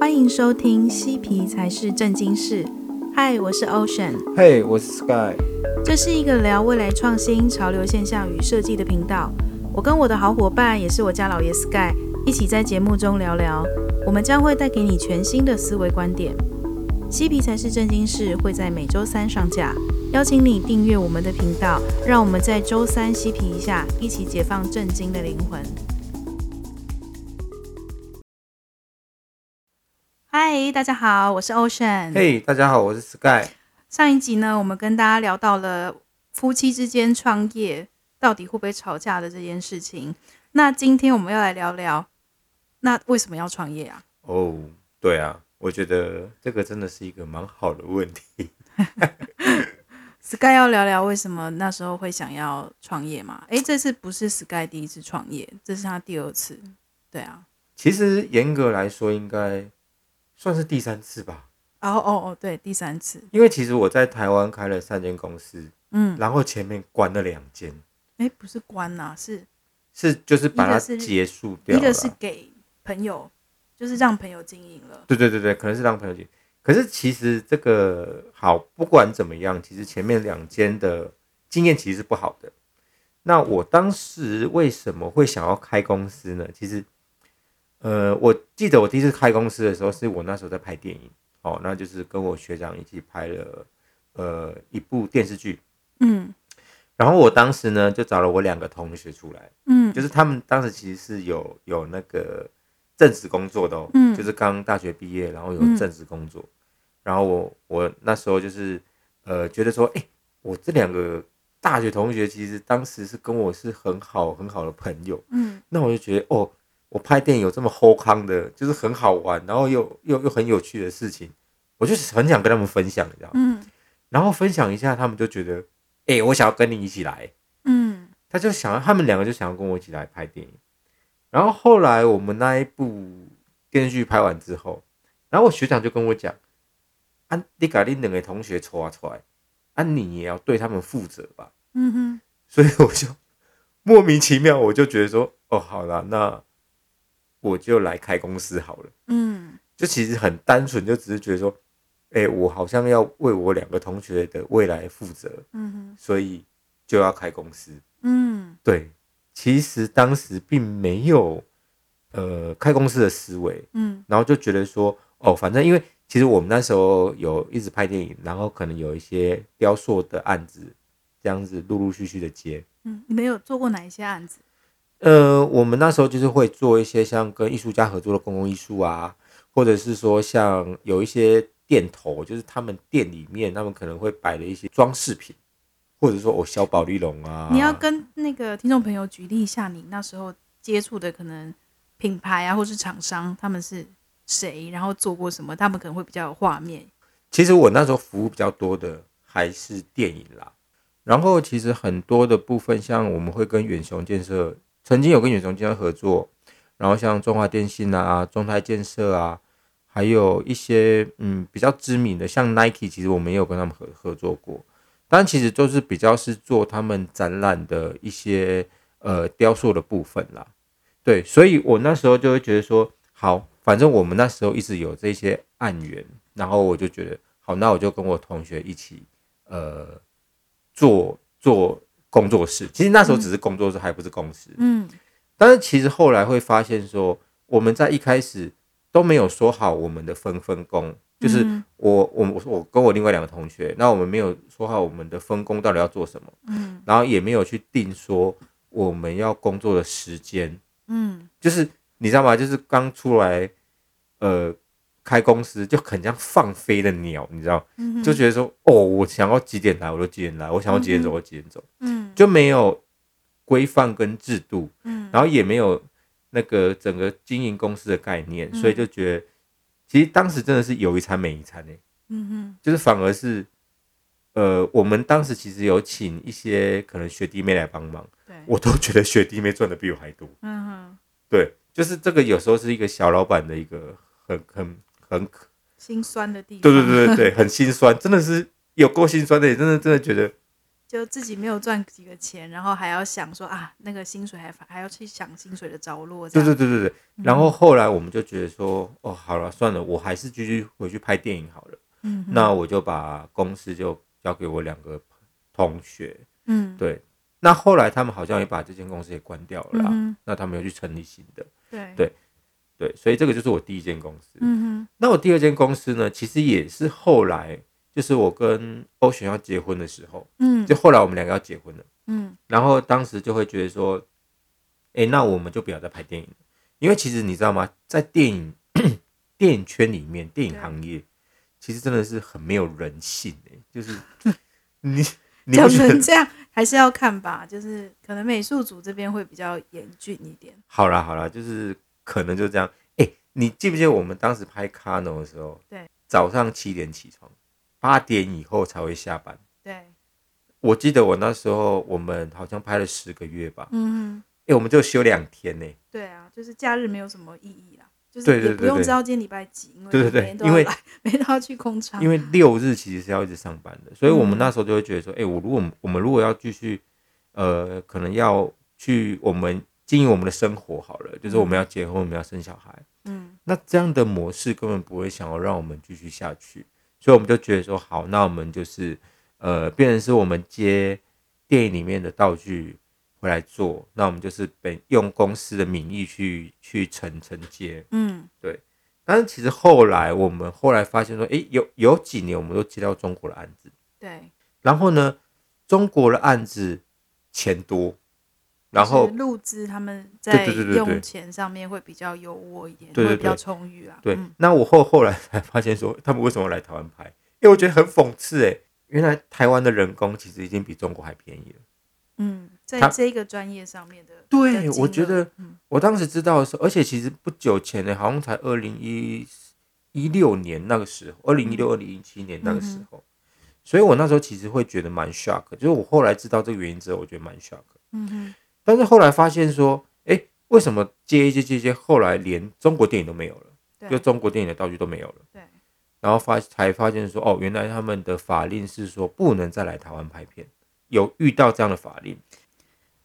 歡迎收聽《嬉皮才是正經事》。嗨，我是 Ocean。嘿，hey, 我是 Sky。這是一個聊未來創新、潮流現象與設計的頻道。我跟我的好夥伴，也是我家老爺 Sky，一起在節目中聊聊。我們將會帶給你全新的思維觀點。嬉皮才是正經事，會在每週三上架。邀請你訂閱我們的頻道，讓我們在週三嬉皮一下，一起解放正經的靈魂。嘿，hey, 大家好，我是 Ocean。嘿，hey, 大家好，我是 Sky。上一集呢，我們跟大家聊到了夫妻之間創業到底會不會吵架的這件事情。那今天我們要來聊聊，那為什麼要創業啊？哦，oh, 對啊，我覺得這個真的是一個蠻好的問題。 Sky 要聊聊為什麼那時候會想要創業嗎？哎，這次不是 Sky 第一次創業，這是他第二次。對啊，其實嚴格來說，應該。算是第三次吧？哦哦哦，對，第三次。因為其實我在台灣開了三間公司，嗯，然後前面關了兩間。誒，不是關吶，啊，是是就是把它結束掉。一個是給朋友，就是讓朋友經營了。對對對對，可能是讓朋友經營。可是其實這個好，不管怎麼樣，其實前面兩間的經驗其實是不好的。那我當時為什麼會想要開公司呢？其實。呃，我記得我第一次開公司的時候，是我那時候在拍電影，哦，那就是跟我學長一起拍了，呃，一部電視劇，嗯，然後我當時呢，就找了我兩個同學出來，嗯，就是他們當時其實是有有那個正式工作的哦，嗯，就是剛大學畢業，然後有正式工作，嗯，然後我我那時候就是，呃，覺得說，哎，我這兩個大學同學其實當時是跟我是很好很好的朋友，嗯，那我就覺得哦。我拍電影有這麼好康的，就是很好玩，然後又又又很有趣的事情，我就很想跟他們分享，你知道嗎？嗯、然後分享一下，他們就覺得，哎、欸，我想要跟你一起來，嗯，他就想要，他們兩個就想要跟我一起來拍電影。然後後來我們那一部電視劇拍完之後，然後我學長就跟我講，安、啊、你咖喱兩個同學抽啊出來，安你也要對他們負責吧？嗯哼，所以我就莫名其妙，我就覺得說，哦，好啦，那。我就來開公司好了，嗯，就其實很單純，就只是覺得說，哎、欸，我好像要為我兩個同學的未來負責，嗯哼，所以就要開公司，嗯，對，其實當時並沒有呃開公司的思維，嗯，然後就覺得說，哦，反正因為其實我們那時候有一直拍電影，然後可能有一些雕塑的案子，這樣子陸陸續續的接，嗯，你沒有做過哪一些案子？呃，我們那時候就是會做一些像跟藝術家合作的公共藝術啊，或者是說像有一些店頭，就是他們店裡面他們可能會擺了一些裝飾品，或者說哦小保麗龍啊。你要跟那個聽眾朋友舉例一下，你那時候接觸的可能品牌啊，或是廠商他們是誰，然後做過什麼，他們可能會比較有畫面。其實我那時候服務比較多的還是電影啦，然後其實很多的部分，像我們會跟遠雄建設。曾經有跟遠隆經常合作，然後像中華電信啊、中泰建設啊，還有一些嗯比較知名的，像 Nike，其實我們也有跟他們合合作過，但其實都是比較是做他們展覽的一些呃雕塑的部分啦。對，所以我那時候就會覺得說，好，反正我們那時候一直有這些案源，然後我就覺得好，那我就跟我同學一起呃做做。做工作室其實那時候只是工作室，嗯、還不是公司。嗯，但是其實後來會發現說，我們在一開始都沒有說好我們的分分工，嗯、就是我我我跟我另外兩個同學，那我們沒有說好我們的分工到底要做什麼。嗯，然後也沒有去定說我們要工作的時間。嗯，就是你知道嗎？就是剛出來，呃。開公司就很像放飛的鳥，你知道，嗯、哼就覺得說哦，我想要幾點來我就幾點來，我想要幾點走，嗯、哼我幾點走，嗯，就沒有規範跟制度，嗯、然後也沒有那個整個經營公司的概念，嗯、所以就覺得其實當時真的是有一餐沒一餐誒、欸，嗯、哼就是反而是，呃，我們當時其實有請一些可能學弟妹來幫忙，對，我都覺得學弟妹賺的比我還多，嗯哼對，就是這個有時候是一個小老闆的一個很很。很心酸的地方，對對對對對，很心酸，真的是有夠心酸的，也真的真的覺得，就自己沒有賺幾個錢，然後還要想說啊，那個薪水還還要去想薪水的着落。對對對對對，嗯、然後後來我們就覺得說，哦，好了算了，我還是繼續回去拍電影好了。嗯哼，那我就把公司就交給我兩個同學。嗯，對。那後來他們好像也把這間公司也關掉了啦，嗯、哼那他們又去成立新的。對。對對，所以這個就是我第一間公司。嗯哼，那我第二間公司呢？其實也是後來，就是我跟 Ocean 要結婚的時候，嗯，就後來我們兩個要結婚了，嗯，然後當時就會覺得說，哎、欸，那我們就不要再拍電影了，因為其實你知道嗎？在電影 電影圈裡面，電影行業對其實真的是很沒有人性誒、欸，就是 你講成這樣，還是要看吧，就是可能美術組這邊會比較嚴峻一點。好啦，好啦，就是。可能就這樣。哎、欸，你記不記得我們當時拍 Kano 的時候？對，早上七點起床，八點以後才會下班。對，我記得我那時候我們好像拍了十個月吧。嗯嗯哼。哎、欸，我們就休兩天呢、欸。對啊，就是假日沒有什麼意義啦。對、就、對、是、不用知道今天禮拜幾，對對對對因為對、對、對，因為沒到去空場、啊。因為六日其實是要一直上班的，所以我們那時候就會覺得說：哎、欸，我如果我們如果要繼續，呃，可能要去我們。經營我們的生活好了，就是我們要結婚，嗯、我們要生小孩。嗯，那這樣的模式根本不會想要讓我們繼續下去，所以我們就覺得說，好，那我們就是呃，變成是我們接電影裡面的道具回來做，那我們就是本用公司的名義去去承承接。嗯，對。但是其實後來我們後來發現說，哎、欸，有有幾年我們都接到中國的案子。對。然後呢，中國的案子錢多。然後，入資他們在用錢上面會比較優渥一點，對，對，對，對，會比較充裕啊。對，那我後後來才發現說，他們為什麼來台灣拍？因為我覺得很諷刺哎、欸，原來台灣的人工其實已經比中國還便宜了。嗯，在這個專業上面的，對，我覺得，我當時知道的時候，嗯、而且其實不久前呢、欸，好像才二零一，一六年那個時候，二零一六、二零一七年那個時候，嗯、所以我那時候其實會覺得蠻 shock，就是我後來知道這個原因之後，我覺得蠻 shock。嗯哼。但是後來發現說，哎、欸，為什麼接些接接接，後來連中國電影都沒有了，對就中國電影的道具都沒有了。對。然後發才發現說，哦，原來他們的法令是說不能再來台灣拍片，有遇到這樣的法令。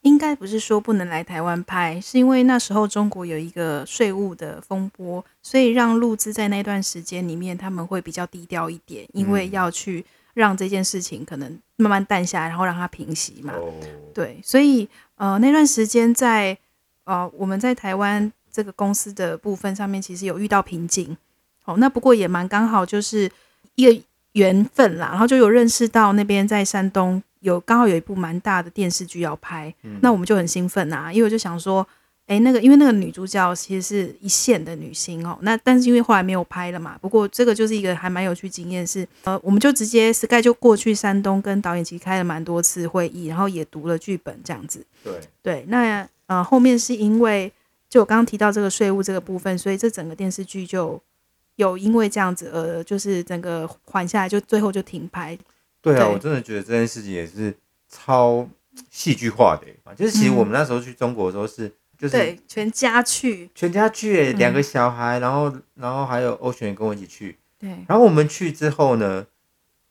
應該不是說不能來台灣拍，是因為那時候中國有一個稅務的風波，所以讓陸資在那段時間裡面他們會比較低調一點，因為要去、嗯。讓這件事情可能慢慢淡下來，然後讓它平息嘛。Oh. 對，所以呃，那段時間在呃，我們在台灣這個公司的部分上面，其實有遇到瓶頸。好、哦，那不過也蠻剛好，就是一個緣分啦。然後就有認識到那邊在山東有剛好有一部蠻大的電視劇要拍，嗯、那我們就很興奮啦，因為我就想說。哎、欸，那個，因為那個女主角其實是一線的女星哦、喔。那但是因為後來沒有拍了嘛，不過這個就是一個還蠻有趣經驗是，呃，我們就直接 sky 就過去山東跟導演其實開了蠻多次會議，然後也讀了劇本這樣子。對對，那呃後面是因為就我剛剛提到這個稅務這個部分，所以這整個電視劇就有因為這樣子呃，就是整個緩下來，就最後就停拍。對啊，對我真的覺得這件事情也是超戲劇化的、欸、就是其實我們那時候去中國的時候是。就是全家去，全家去，欸，兩個小孩，嗯，然後然後還有 Ocean 跟我一起去。對，然後我們去之後呢，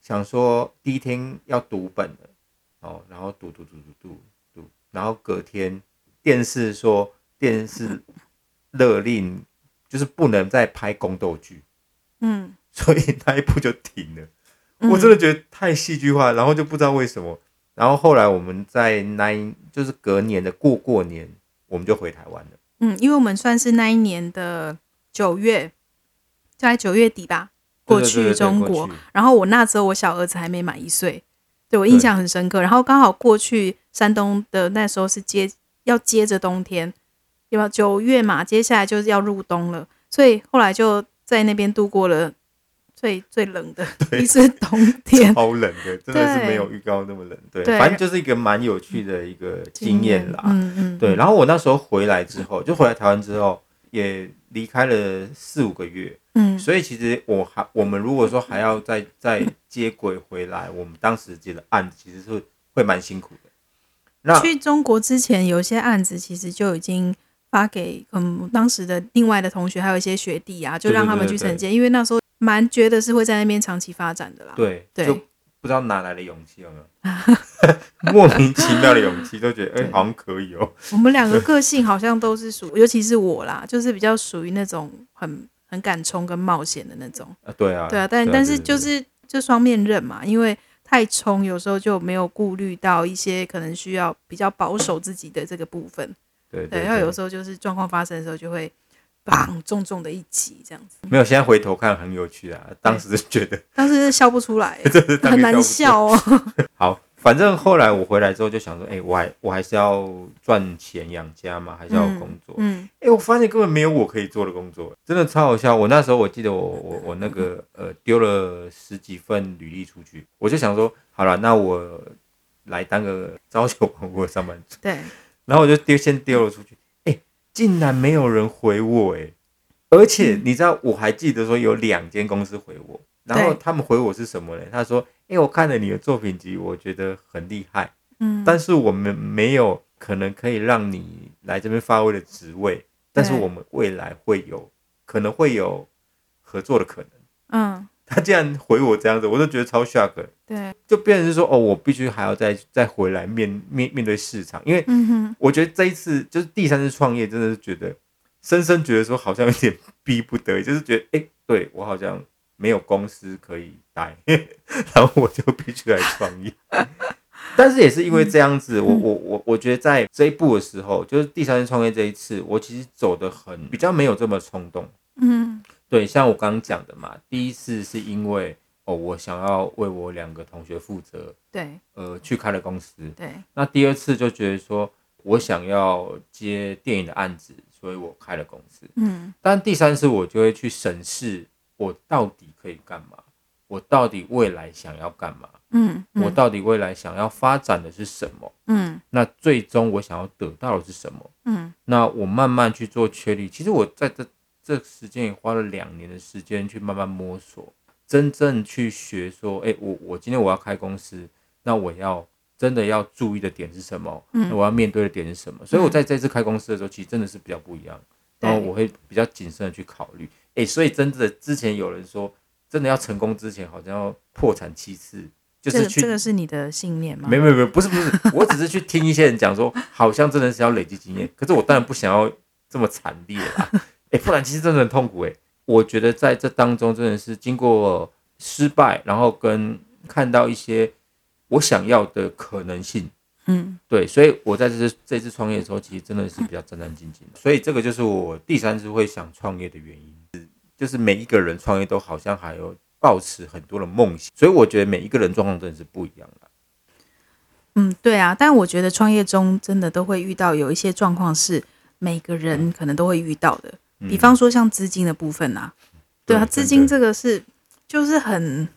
想說第一天要讀本了哦，然後讀讀讀讀讀讀，然後隔天電視說電視勒令就是不能再拍宮鬥劇，嗯，所以那一部就停了。嗯，我真的覺得太戲劇化，然後就不知道為什麼。然後後來我們在那，就是隔年的過過年。我們就回台灣了。嗯，因為我們算是那一年的九月，在九月底吧，對對對對，過去中國。然後我那時候我小兒子還沒滿一歲，對我印象很深刻。對然後剛好過去山東的那時候是接要接着冬天，有沒有？九月嘛，接下來就是要入冬了，所以後來就在那邊度過了。最最冷的，對，就是冬天，超冷的，真的是沒有預告那麼冷。對，反正就是一個蠻有趣的一個經驗啦。嗯嗯，對。然後我那時候回來之後，就回來台灣之後，也離開了四五個月。嗯，所以其實我還我們如果說還要再再接軌回來，我們當時接的案子其實是會蠻辛苦的。那去中國之前，有些案子其實就已經發給嗯當時的另外的同學，還有一些學弟啊，就讓他們去承接，因為那時候。蠻覺得是會在那邊長期發展的啦，對，對就不知道哪來的勇氣有沒有， 莫名其妙的勇氣都覺得，哎對、欸，好像可以哦、喔。我們兩個個性好像都是屬，對尤其是我啦，就是比較屬於那種很很敢衝跟冒險的那種。對啊，對啊，對啊但啊但是就是就雙面刃嘛，因為太衝，有時候就沒有顧慮到一些可能需要比較保守自己的這個部分。對對，對，對，然後有時候就是狀況發生的時候就會。砰，重重的一擊，這樣子。沒有，現在回頭看很有趣啊，當時就覺得，欸欸、真的當時笑不出來，很難笑哦。好，反正後來我回來之後就想說，哎、欸，我還我還是要賺錢養家嘛，還是要工作？嗯，哎、嗯欸，我發現根本沒有我可以做的工作，真的超好笑。我那時候我記得我我我那個呃丟了十幾份履歷出去，我就想說，好了，那我來當個朝九晚五的上班族。對，然後我就丟先丟了出去。竟然沒有人回我誒、欸，而且你知道，我還記得說有兩間公司回我，嗯、然後他們回我是什麼呢？對他說：“哎、欸，我看了你的作品集，我覺得很厲害，嗯，但是我們沒有可能可以讓你來這邊發揮的職位，對但是我們未來會有可能會有合作的可能，嗯。”他竟然回我這樣子，我都覺得超 shock。對，就變成是說，哦，我必須還要再再回來面面面對市場，因為我覺得這一次就是第三次創業，真的是覺得深深覺得說，好像有點逼不得已，就是覺得哎、欸，對我好像沒有公司可以待， 然後我就必須來創業。 但是也是因為這樣子，嗯、我我我我覺得在這一步的時候，嗯、就是第三次創業這一次，我其實走得很比較沒有這麼衝動。嗯。對，像我剛剛講的嘛，第一次是因為哦，我想要為我兩個同學負責，對，呃，去開了公司，對。那第二次就覺得說我想要接電影的案子，所以我開了公司，嗯。但第三次我就會去審視我到底可以幹嘛，我到底未來想要幹嘛，嗯。嗯，我到底未來想要發展的是什麼，嗯。那最終我想要得到的是什麼，嗯。那我慢慢去做確立，其實我在這。這時間也花了兩年的時間去慢慢摸索，真正去學說，哎，我我今天我要開公司，那我要真的要注意的點是什麼？嗯，我要面對的點是什麼？嗯、所以我在這次開公司的時候，其實真的是比較不一樣，嗯、然後我會比較謹慎的去考慮。哎對，所以真的之前有人說，真的要成功之前，好像要破產七次，就是去、這個、這個是你的信念嗎？沒沒沒，不是不是，我只是去聽一些人講說， 好像真的是要累積經驗，可是我當然不想要這麼慘烈啦。 哎、欸，不然其實真的很痛苦、欸。哎，我覺得在這當中，真的是經過失敗，然後跟看到一些我想要的可能性。嗯，對，所以我在這這次創業的時候，其實真的是比較戰戰兢兢。嗯、所以這個就是我第三次會想創業的原因。就是每一個人創業都好像還有抱持很多的夢想，所以我覺得每一個人狀況真的是不一樣。嗯，對啊，但我覺得創業中真的都會遇到有一些狀況，是每個人可能都會遇到的。嗯比方說像資金的部分吶，啊，對啊，對，對，資金，這個是就是很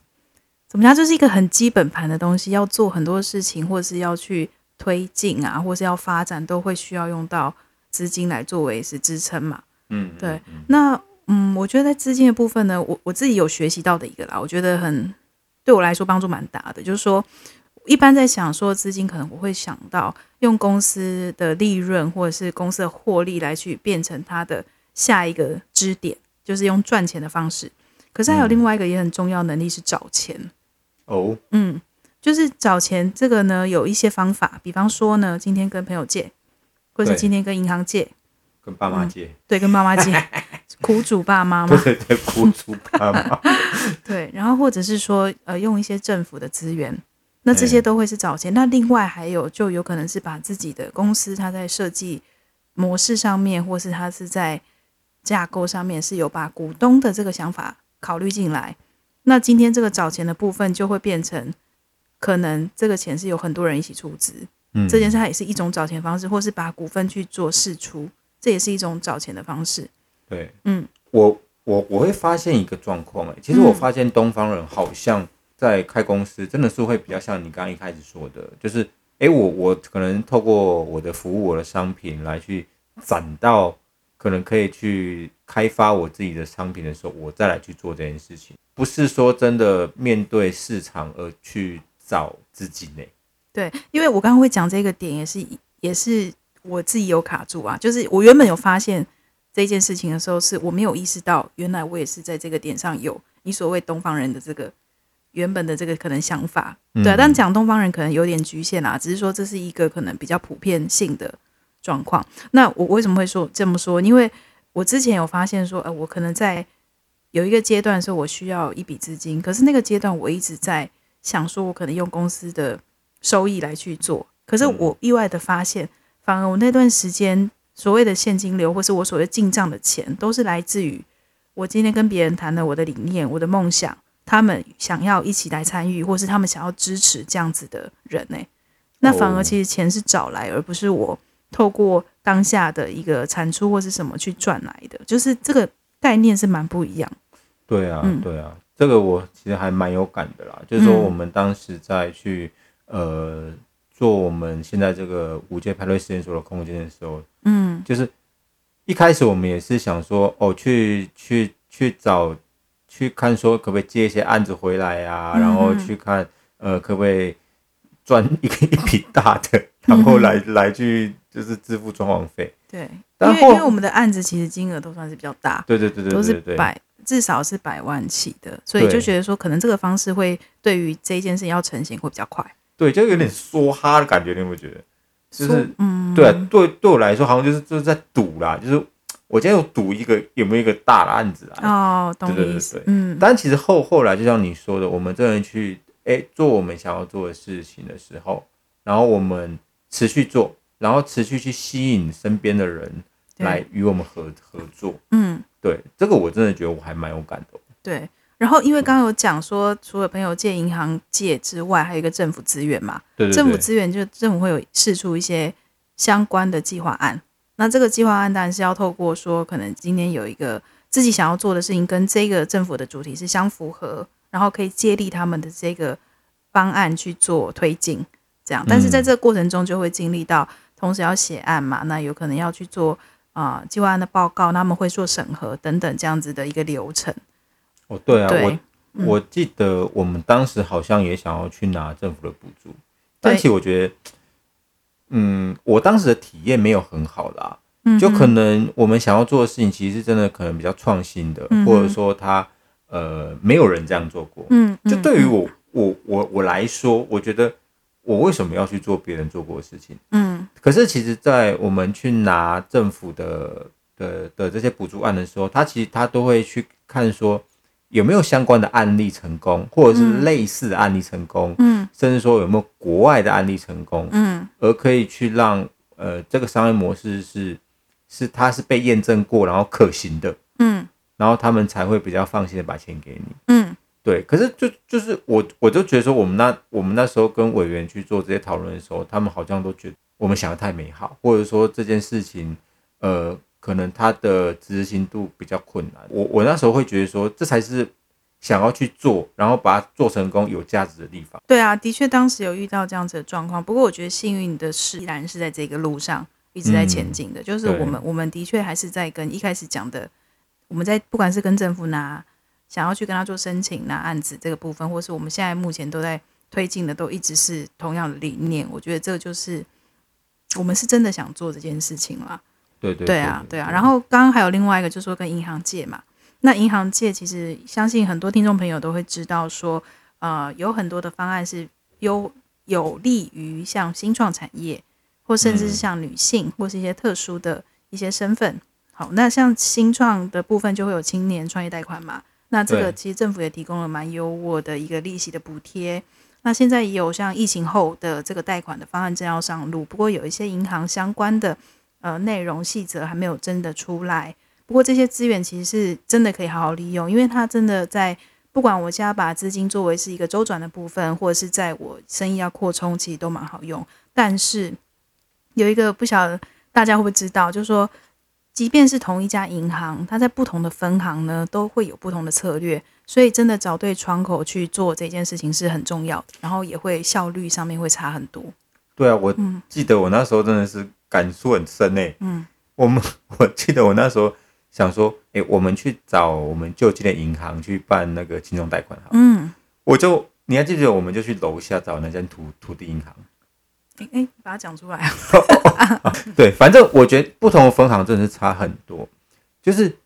怎麼講，就是一個很基本盤的東西。要做很多事情，或者是要去推進啊，或者是要發展，都會需要用到資金來作為是支撐嘛。嗯，對。對，那嗯，我覺得在資金的部分呢，我我自己有學習到的一個啦，我覺得很對我來說幫助蠻大的，就是說一般在想說資金，可能我會想到用公司的利潤或者是公司的獲利來去變成它的。下一個支點就是用賺錢的方式，可是還有另外一個也很重要能力是找錢哦，嗯，嗯，就是找錢這個呢有一些方法，比方說呢今天跟朋友借，或者今天跟銀行借，對嗯、跟爸媽借，對，跟爸媽借，苦主爸媽，對苦主爸媽，對，然後或者是說呃用一些政府的資源，那這些都會是找錢。欸、那另外還有就有可能是把自己的公司它在設計模式上面，或是它是在架構上面是有把股東的這個想法考慮進來，那今天這個找錢的部分就會變成，可能這個錢是有很多人一起出資，嗯，這件事它也是一種找錢的方式，或是把股份去做釋出，這也是一種找錢的方式。對，嗯，我我我會發現一個狀況誒、欸，其實我發現東方人好像在開公司真的是會比較像你剛剛一開始說的，就是哎我我可能透過我的服務我的商品來去攢到。可能可以去開發我自己的商品的時候，我再來去做這件事情，不是說真的面對市場而去找資金呢？對，因為我剛剛會講這個點，也是也是我自己有卡住啊。就是我原本有發現這件事情的時候，是我沒有意識到，原來我也是在這個點上有你所謂東方人的這個原本的這個可能想法。嗯、對、啊，但講東方人可能有點局限啊，只是說這是一個可能比較普遍性的狀況，那我為什麼會說這麼說？因為，我之前有發現說，呃，我可能在有一個階段的時候，我需要一筆資金，可是那個階段我一直在想說，我可能用公司的收益來去做。可是我意外的發現，反而我那段時間所謂的現金流，或是我所謂進賬的錢，都是來自於我今天跟別人談了我的理念、我的夢想，他們想要一起來參與，或是他們想要支持這樣子的人呢、欸。那反而其實錢是找來，而不是我。透過當下的一個產出或是什麼去賺來的，就是這個概念是蠻不一樣。對啊，嗯、對啊，這個我其實還蠻有感的啦。就是說，我們當時在去、嗯、呃做我們現在這個無界派對實驗所的空間的時候，嗯，就是一開始，我們也是想說，哦，去去去找去看說可不可以接一些案子回來呀、啊，嗯、哼然後去看呃可不可以賺一個一筆大的。嗯、哼然後來來去。就是支付裝潢費，對，因為因為我們的案子其實金額都算是比較大，對，對對對對，都是百至少是百萬起的，對，所以就覺得說可能這個方式會對於這一件事情要成型會比較快，對，就有點梭哈的感覺，嗯、你有沒有覺得？就是嗯，對對，對我來說，好像就是就是在賭啦，就是我今天有賭一個有沒有一個大的案子啊？哦，懂，對對，對嗯。但其實後後來就像你說的，我們真的去哎、欸、做我們想要做的事情的時候，然後我們持續做。然後持續去吸引身邊的人來與我們合合作，對嗯，對，這個我真的覺得我還蠻有感動的。對，然後因為剛剛有講說，除了朋友借、銀行借之外，還有一個政府資源嘛。對，對，對。政府資源就政府會有釋出一些相關的計劃案。那這個計劃案當然是要透過說，可能今天有一個自己想要做的事情跟這個政府的主體是相符合，然後可以借力他們的這個方案去做推進，這樣。但是在這個過程中就會經歷到。同時要寫案嘛，那有可能要去做啊計劃案的報告，那他們會做審核等等這樣子的一個流程。哦，對啊，對我、嗯、我記得我們當時好像也想要去拿政府的補助，對但其實我覺得，嗯，我當時的體驗沒有很好啦，嗯嗯，就可能我們想要做的事情其實真的可能比較創新的，嗯嗯，或者說他呃沒有人這樣做過，嗯、嗯、嗯，就對於我我我我來說，我覺得。我為什麼要去做別人做過的事情？嗯，可是其實，在我們去拿政府的的的這些補助案的時候，他其實他都會去看說有沒有相關的案例成功，或者是類似的案例成功，嗯，甚至說有沒有國外的案例成功，嗯，而可以去讓呃這個商業模式是是他是被驗證過，然後可行的，嗯，然後他們才會比較放心的把錢給你，嗯。對，可是就就是我，我就覺得說，我們那我們那時候跟委員去做這些討論的時候，他們好像都覺得我們想的太美好，或者說這件事情，呃，可能他的執行度比較困難。我我那時候會覺得說，這才是想要去做，然後把它做成功有價值的地方。對啊，的確當時有遇到這樣子的狀況，不過我覺得幸運的是，依然是在這個路上一直在前進的，嗯、就是我們對我們的確還是在跟一開始講的，我們在不管是跟政府拿。想要去跟他做申請那、啊、案子這個部分，或是我們現在目前都在推進的，都一直是同樣的理念。我覺得這就是我們是真的想做這件事情了。嗯、對對對，對，對啊，對啊。然後剛剛還有另外一個，就是說跟銀行借嘛。那銀行借其實相信很多聽眾朋友都會知道說，說呃，有很多的方案是優有，有利於像新創產業，或甚至是像女性，嗯、或是一些特殊的一些身份。好，那像新創的部分就會有青年創業貸款嘛。那這個其實政府也提供了蠻優渥的一個利息的補貼。對那現在也有像疫情後的這個貸款的方案正要上路，不過有一些銀行相關的呃內容細則還沒有真的出來。不過這些資源其實是真的可以好好利用，因為它真的在不管我家把資金作為是一個周轉的部分，或者是在我生意要擴充，其實都蠻好用。但是有一個不曉得大家會不會知道，就是說。即便是同一家銀行，它在不同的分行呢，都會有不同的策略。所以，真的找對窗口去做這件事情是很重要的，然後也會效率上面會差很多。對啊，我記得我那時候真的是感觸很深誒、欸。嗯，我們我記得我那時候想說，哎、欸，我們去找我們就近的銀行去辦那個金融貸款。嗯，我就你還記得，我們就去樓下找那間土土地銀行。哎、欸欸，把它講出來、 哦哦、啊！對，反正我覺得不同的分行真的是差很多，就是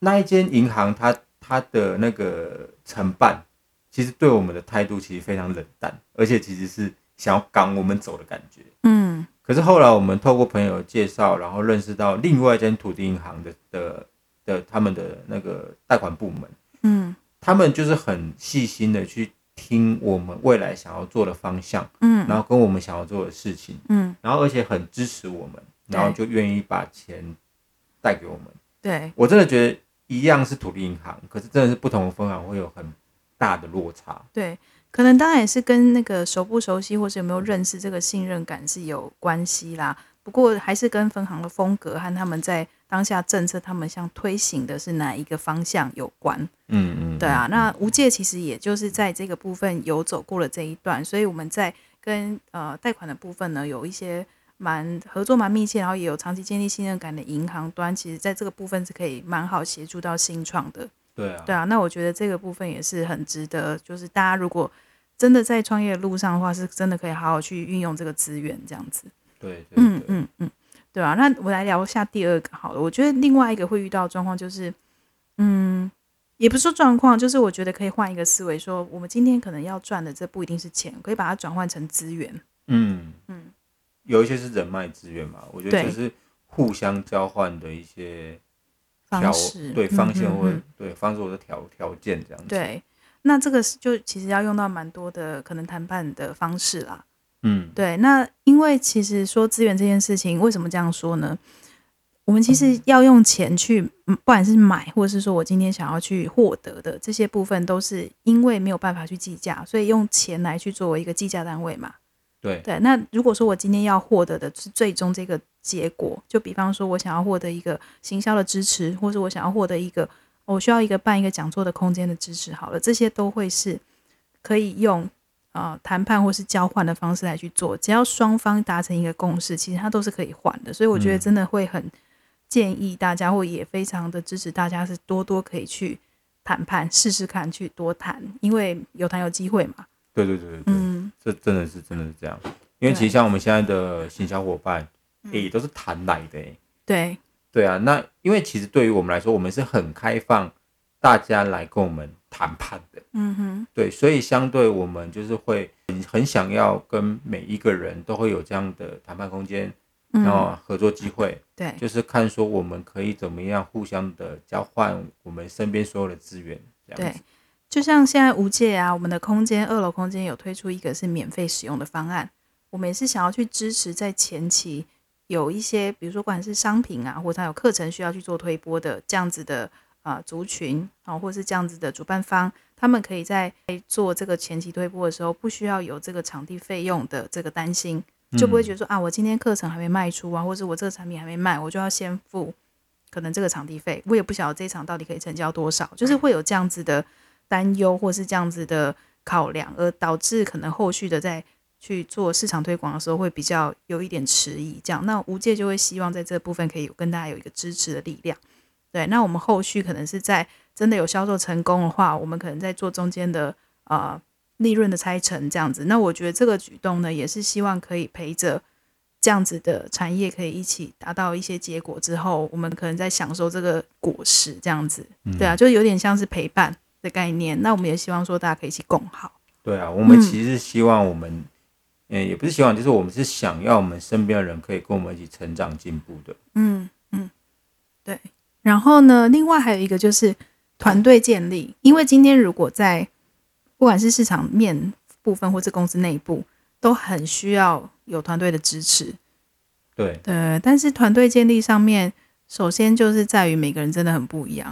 那一間銀行它，它它的那個承辦，其實對我們的態度其實非常冷淡，而且其實是想要趕我們走的感覺。嗯，可是後來我們透過朋友介紹，然後認識到另外一間土地銀行的的的他們的那個貸款部門，嗯，他們就是很細心的去。聽我們未來想要做的方向，嗯，然後跟我們想要做的事情，嗯，然後而且很支持我們，嗯，然後就願意把錢帶給我們。對，我真的覺得一樣是土地銀行，可是真的是不同的分行會有很大的落差。對，可能當然也是跟那個熟不熟悉，或者有沒有認識這個信任感是有關係啦。不過還是跟分行的風格和他們在。當下政策，他們想推行的是哪一個方向有關？嗯嗯，嗯，對啊，那無界其實也就是在這個部分有走過了這一段，所以我們在跟呃貸款的部分呢，有一些蠻合作蠻密切，然後也有長期建立信任感的銀行端，其實在這個部分是可以蠻好協助到新創的。對啊，對啊，那我覺得這個部分也是很值得，就是大家如果真的在創業路上的話，是真的可以好好去運用這個資源，這樣子。對，對，對，嗯，嗯嗯嗯。對啊，那我來聊一下第二個好了。我覺得另外一個會遇到的狀況就是，嗯，也不是說狀況，就是我覺得可以換一個思維說，說我們今天可能要賺的，這不一定是錢，可以把它轉換成資源。嗯嗯，嗯有一些是人脈資源嘛，我覺得就是互相交換的一些對方式，對方向或嗯嗯嗯對方式或者條條件這樣子。對，那這個是就其實要用到蠻多的可能談判的方式啦。嗯，對，那因為其實說資源這件事情，為什麼這樣說呢？我們其實要用錢去，不管是買，或者是說我今天想要去獲得的這些部分，都是因為沒有辦法去計價，所以用錢來去作為一個計價單位嘛。對對，那如果說我今天要獲得的是最終這個結果，就比方說我想要獲得一個行銷的支持，或者我想要獲得一個我、哦、需要一個辦一個講座的空間的支持，好了，這些都會是可以用。啊，談、哦、判或是交換的方式來去做，只要雙方達成一個共識，其實它都是可以換的。所以我覺得真的會很建議大家，嗯、或也非常的支持大家是多多可以去談判試試看，去多談，因為有談有機會嘛。對對對，對，嗯，這真的是真的是這樣，因為其實像我們現在的新小夥伴，也對、欸、都是談來的、欸。對對啊，那因為其實對於我們來說，我們是很開放。大家來跟我們談判的，嗯哼，對，所以相對我們就是會很很想要跟每一個人都會有這樣的談判空間，嗯、然後合作機會，對，就是看說我們可以怎麼樣互相的交換我們身邊所有的資源，對，就像現在無界啊，我們的空間二樓空間有推出一個是免費使用的方案，我們也是想要去支持在前期有一些，比如說不管是商品啊，或者他有課程需要去做推播的這樣子的。啊，族群啊，或是這樣子的主辦方，他們可以在做這個前期推播的時候，不需要有這個場地費用的這個擔心，就不會覺得說啊，我今天課程還沒賣出啊，或者我這個產品還沒賣，我就要先付可能這個場地費，我也不曉得這一場到底可以成交多少，就是會有這樣子的擔憂，或是這樣子的考量，而導致可能後續的再去做市場推廣的時候會比較有一點遲疑，這樣，那無界就會希望在這部分可以跟大家有一個支持的力量。對，那我們後續可能是在真的有銷售成功的話，我們可能在做中間的啊、呃、利潤的拆成這樣子。那我覺得這個舉動呢，也是希望可以陪着這樣子的產業可以一起達到一些結果之後，我們可能在享受這個果實這樣子。嗯、對啊，就是有點像是陪伴的概念。那我們也希望說大家可以一起共好。對啊，我們其實是希望我們，嗯，也不是希望，就是我們是想要我們身邊的人可以跟我們一起成長進步的。嗯嗯，對。然後呢，另外還有一個就是團隊建立，因為今天如果在不管是市場面部分或是公司內部，都很需要有團隊的支持。對對，呃，但是團隊建立上面，首先就是在於每個人真的很不一樣。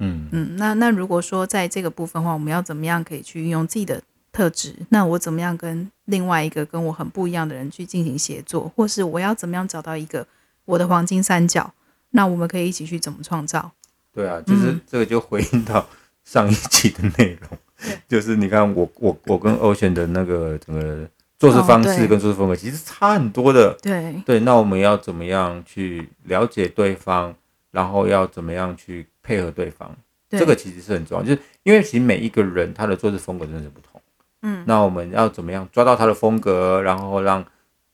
嗯嗯，那那如果說在這個部分的話，我們要怎麼樣可以去運用自己的特質？那我怎麼樣跟另外一個跟我很不一樣的人去進行協作，或是我要怎麼樣找到一個我的黃金三角？那我們可以一起去怎麼創造？對啊，就是這個就回應到上一集的內容。 對就是你看我我我跟 Ocean 的那個整個做事方式跟做事風格其實差很多的。哦、對對，那我們要怎麼樣去了解對方？然後要怎麼樣去配合對方？對，這個其實是很重要，就是因為其實每一個人他的做事風格真的是不同。嗯，那我們要怎麼樣抓到他的風格？然後讓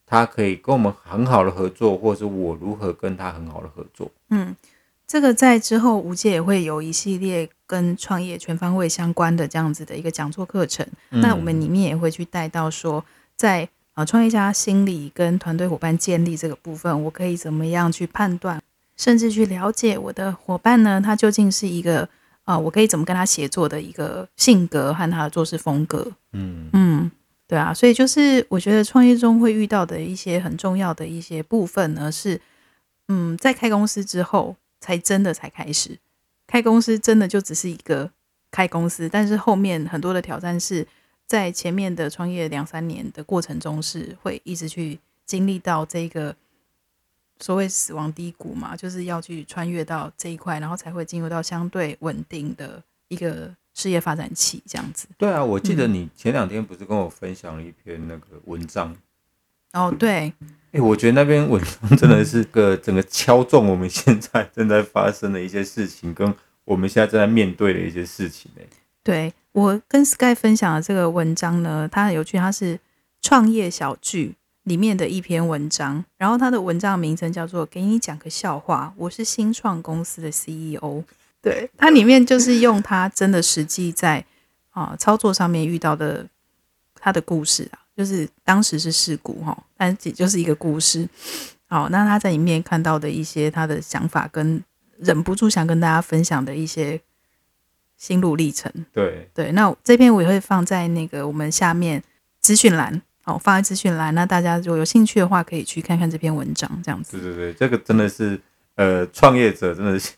他可以跟我們很好的合作，或者是我如何跟他很好的合作？嗯，這個在之後無界也會有一系列跟創業全方位相關的這樣子的一個講座課程。嗯、那我們裡面也會去帶到說，在啊、呃、創業家心理跟團隊夥伴建立這個部分，我可以怎麼樣去判斷，甚至去了解我的夥伴呢？他究竟是一個啊、呃，我可以怎麼跟他協作的一個性格和他的做事風格？嗯嗯。嗯對啊，所以就是我覺得創業中會遇到的一些很重要的一些部分呢，是嗯，在開公司之後才真的才開始。開公司真的就只是一個開公司，但是後面很多的挑戰是在前面的創業兩三年的過程中，是會一直去經歷到這個所謂死亡低谷嘛，就是要去穿越到這一塊，然後才會進入到相對穩定的一個。事業發展期這樣子。對啊，我記得你前兩天不是跟我分享了一篇那個文章？哦、嗯，對。哎，我覺得那篇文章真的是個整個敲中我們現在正在發生的一些事情，跟我們現在正在面對的一些事情、欸。對我跟 Sky 分享的這個文章呢，它很有趣，它是《創業小聚》裡面的一篇文章，然後它的文章名稱叫做《給你講個笑話》，我是新創公司的 CEO。對，它裡面就是用他真的實際在啊操作上面遇到的他的故事啊，就是當時是事故哦，但也就是一個故事。好，那他在裡面看到的一些他的想法跟忍不住想跟大家分享的一些心路歷程。對對，那這篇我也會放在那個我們下面資訊欄哦，放在資訊欄，那大家如果有興趣的話，可以去看看這篇文章。這樣子。對對對，這個真的是呃，創業者真的是。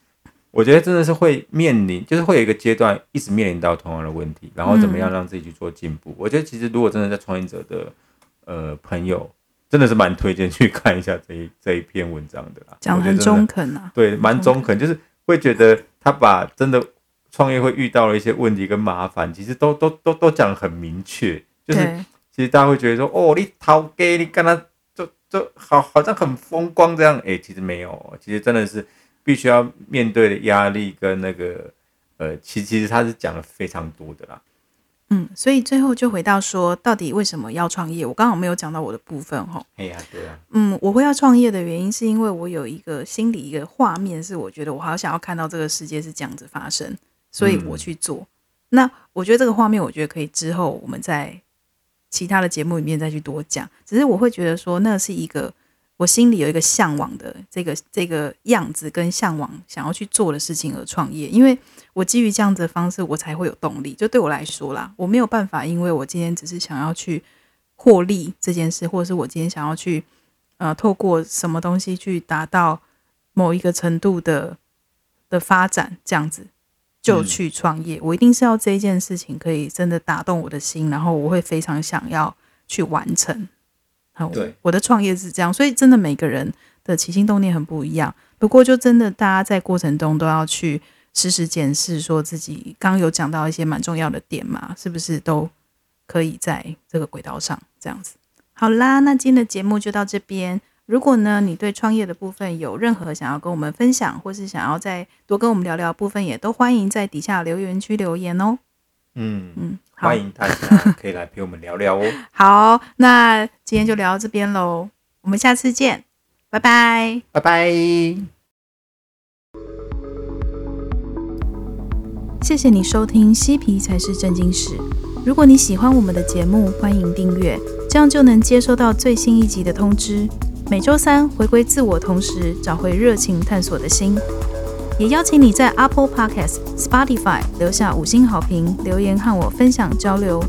我覺得真的是會面臨，就是會有一個階段一直面臨到同樣的問題，然後怎麼樣讓自己去做進步。嗯、我覺得其實如果真的在創業者的呃朋友，真的是蠻推薦去看一下這一這一篇文章的啦。講得很中肯啊，對，蠻中肯，中肯就是會覺得他把真的創業會遇到的一些問題跟麻煩，其實都都都都講得很明確。就是 Okay. 其實大家會覺得說，哦，你逃給，你看他就就好，好像很風光這樣，哎、欸，其實沒有，其實真的是。必須要面對的壓力跟那個，呃，其其實他是講了非常多的啦。嗯，所以最後就回到說，到底為什麼要創業？我剛好沒有講到我的部分齁。哎呀，對啊。嗯，我會要創業的原因是因為我有一個心裡，一個畫面，是我覺得我好想要看到這個世界是這樣子發生，所以我去做。嗯、那我覺得這個畫面，我覺得可以之後我們在其他的節目裡面再去多講。只是我會覺得說，那是一個。我心裡有一個嚮往的這個這個樣子，跟嚮往想要去做的事情而創業，因為我基於這樣子的方式，我才會有動力。就對我來說啦，我沒有辦法，因為我今天只是想要去獲利這件事，或者是我今天想要去呃，透過什麼東西去達到某一個程度的的發展，這樣子就去創業。嗯。我一定是要這一件事情可以真的打動我的心，然後我會非常想要去完成。對，我的創業是這樣，所以真的每個人的起心動念很不一樣。不過，就真的大家在過程中都要去時時檢視，說自己剛有講到一些蠻重要的點嘛，是不是都可以在這個軌道上這樣子？好啦，那今天的節目就到這邊。如果呢，你對創業的部分有任何想要跟我們分享，或是想要再多跟我們聊聊的部分，也都歡迎在底下留言區留言哦、喔。嗯嗯。嗯好 歡迎大家可以來陪我們聊聊哦。 好，那今天就聊到這邊嘍，我們下次見，拜拜，拜拜。謝謝你收聽《嬉皮才是正經事》，如果你喜歡我們的節目，歡迎訂閱，這樣就能接收到最新一集的通知。每周三回歸自我，同時找回熱情探索的心。也邀請你在 Apple Podcast、Spotify 留下五星好評留言和我分享交流。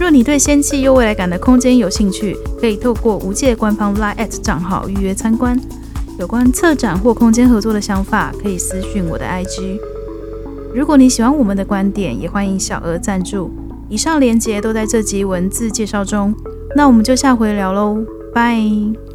若你對仙氣又未來感的空間有興趣，可以透過無界官方 Line at 賬號預約參觀。有關策展或空間合作的想法，可以私信我的 IG。如果你喜歡我們的觀點，也歡迎小額贊助。以上鏈接都在這集文字介紹中。那我們就下回聊嘍，拜！